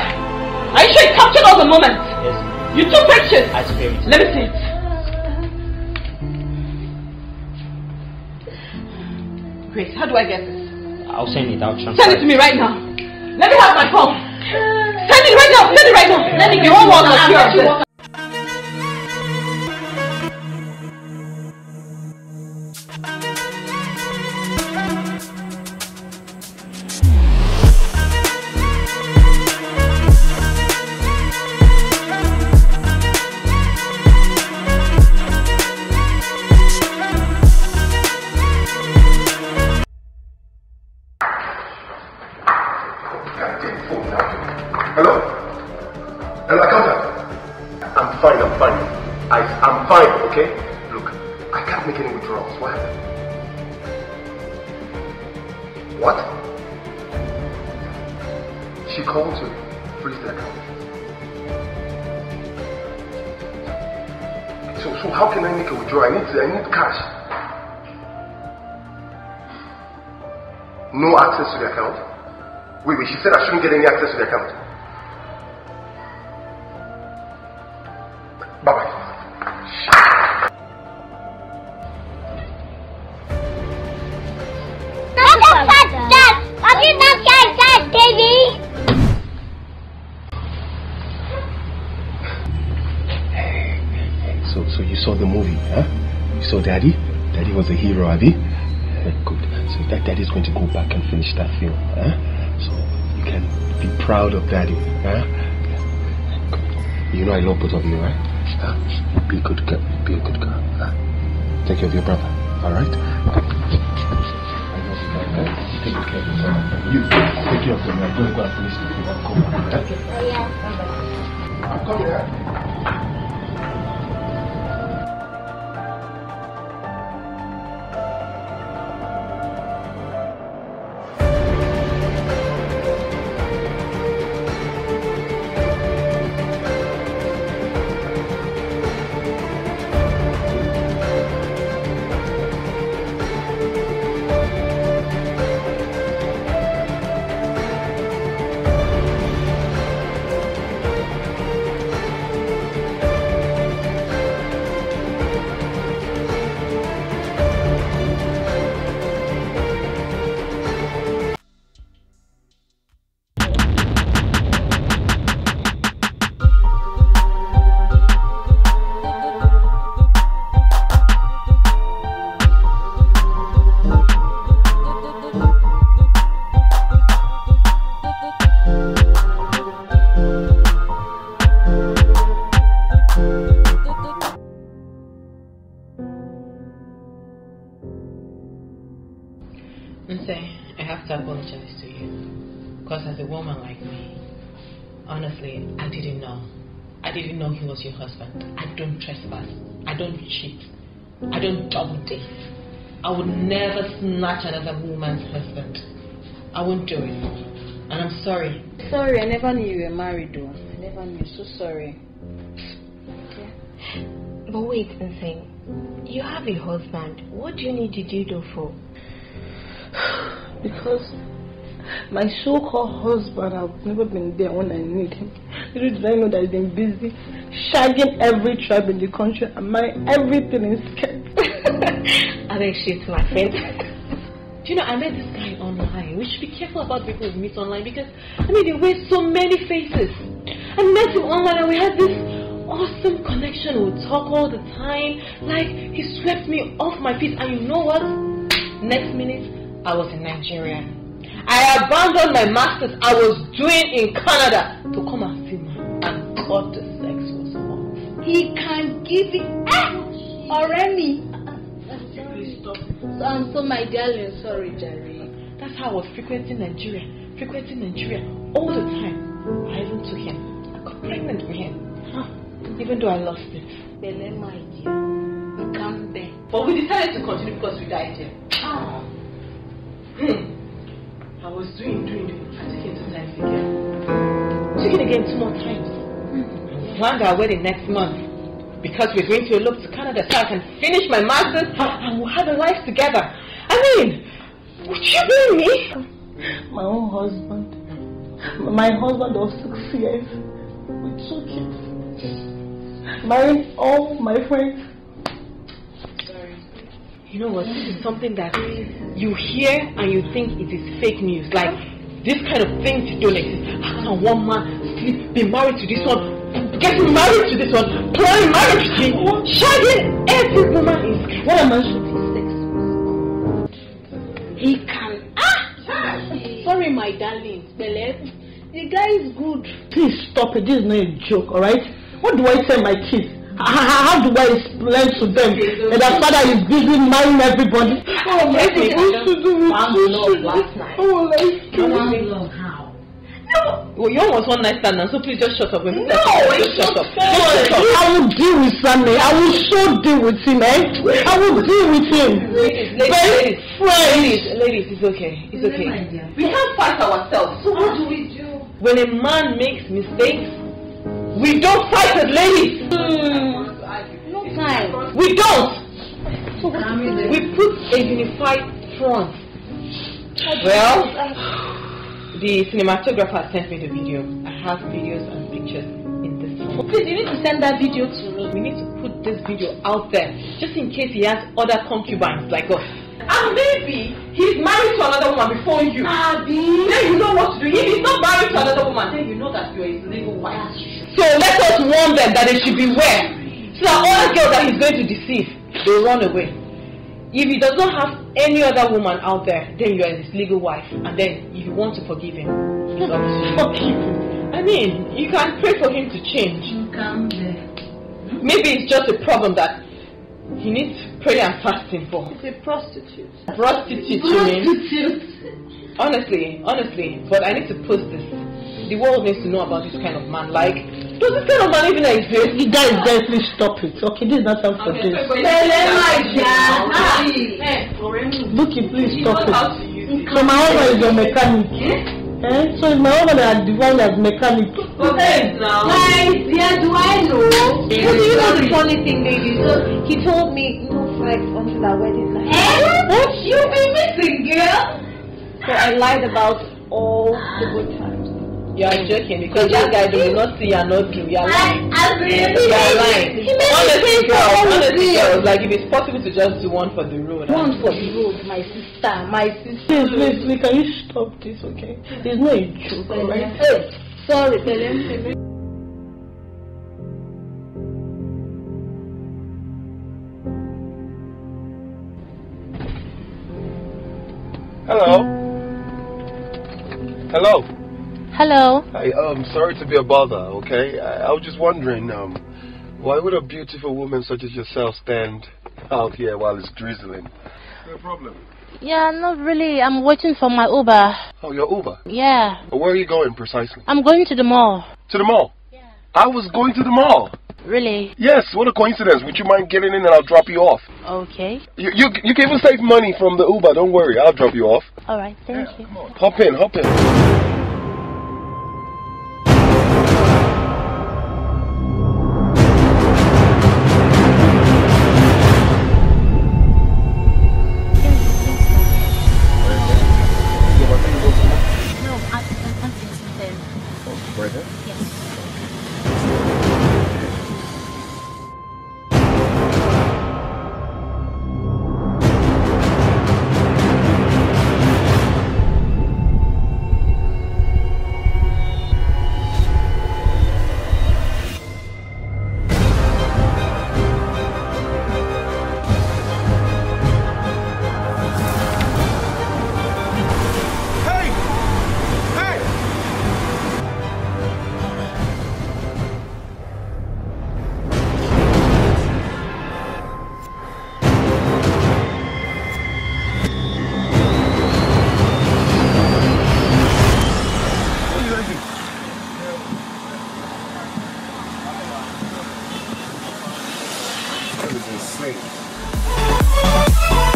are you sure you captured all the moments? Yes. You took pictures? I swear it. Let me see it. Grace, how do I get this? I'll send it out. Send it to me right now. Let me have my phone. Send it right now. Send it right now. Let me get one more. Wait, wait, she said I shouldn't get any access to the account. Bye bye. So, so you saw the movie, huh? You saw Daddy? Daddy was a hero, Abby? Good. So that Daddy's going to go back and finish that film, huh? proud of daddy. Huh? You know I love both of you, right? Huh? Be a good girl. Be a good girl. Huh? Take care of your brother. All right? Take care of your brother. You take care of your Don't go and finish the food. Come on. Okay. I'm coming. I'm coming. he was your husband. I don't trespass. I don't cheat. I don't double date. I would never snatch another woman's husband. I won't do it. And I'm sorry. Sorry, I never knew you were married though. I never knew. So sorry. Yeah. But wait, Insane. You have a husband. What do you need to do though for? because my so-called husband I've never been there when I need him. Little did I know that he's been busy shagging every tribe in the country and my everything is scared. I think she's my friend. Do you know, I met this guy online. We should be careful about people we meet online because, I mean, they wear so many faces. I met him online and we had this awesome connection. We talk all the time. Like, he swept me off my feet. And you know what? Next minute, I was in Nigeria. I abandoned my master's I was doing in Canada to come and see him, And God, the sex was off. He can give it. Ah! Ọ̀rẹ́ mi. So, and so, my darling, sorry, Jerry. That's how I was frequenting Nigeria, frequenting Nigeria all the time. I even to him. I got pregnant with him. Huh? Even though I lost it. Bele, my dear. We can't bear. But we decided to continue because we died here. Ah. Hmm. I was doing, doing, doing. I took into time again. Took it again two more times. Mm. Planned our wedding next month. Because we're going to elope to Canada so I can finish my master's and we'll have a life together. I mean, would you blame me? My own husband. My husband of six years. With two kids. My all my friends you know what, this is something that you hear and you think it is fake news. Like, this kind of things don't exist. How can one man sleep, be married to this one, getting married to this one, planning marriage to him, shagging every woman is what a man should be sex. He can ah sorry my darling, the guy is good. Please stop it, this is not a joke, alright? What do I tell my kids? how, how do I explain to them okay, so that father is busy marrying everybody? What am I supposed to do with sushi? Oh, let's do it. How? No. Well, you almost one night stand now, so please just shut up. with me. No, it's shut up. Shut up. I will deal with Sunday. I will sure deal with him, eh? I will deal with him. Ladies, ladies, ladies, ladies, it's okay. It's okay. We can't fight ourselves. So what do we do? When a man makes mistakes, we don't fight with ladies. Mm, no time. We don't. So we put a unified front. Well, the cinematographer sent me the video. I have videos and pictures in this form. Oh, please, you need to send that video to me. We need to put this video out there just in case he has other concubines like us. And maybe he's married to another woman before you. Abby. Then you know what to do. If he's not married to another woman, then you know that you're his legal wife. So let us warn them that they should beware. So that the girls that he's going to deceive, they run away. If he does not have any other woman out there, then you are his legal wife. And then if you want to forgive him, fuck you. I mean, you can pray for him to change. Hmm? Maybe it's just a problem that he needs prayer and fasting for. He's a prostitute. Prostitute, prostitute. you mean? Honestly, honestly, but I need to post this the world needs to know about this kind of man. Like, does this kind of man even exist? You guys definitely stop it. Okay, this is not time for okay, this. Bookie, ah. please stop it. So my husband is your mechanic. Eh? eh? So my husband that the one that's mechanic. Okay, now. Guys, yeah, do I know? Well, do you know the funny thing, baby. So he told me no friends until our wedding night. Eh? What? You'll be missing, girl. So I lied about all the good times. You are joking because that guy does not see you are not do. You are lying. You are lying. Honestly, girls, honestly, girls, like if it's possible to just do one for the road. One for the road, my sister, my sister. Please, please, please, can you stop this, okay? It's not a joke, alright? Hey, sorry. Hello. Hello. Hello. I um, sorry to be a bother, okay? I, I was just wondering, um, why would a beautiful woman such as yourself stand out here while it's drizzling? No problem. Yeah, not really. I'm waiting for my Uber. Oh, your Uber? Yeah. Where are you going precisely? I'm going to the mall. To the mall? Yeah. I was going to the mall. Really? Yes, what a coincidence. Would you mind getting in and I'll drop you off? Okay. You, you, you can even save money from the Uber. Don't worry, I'll drop you off. All right, thank yeah, you. Hop in, hop in.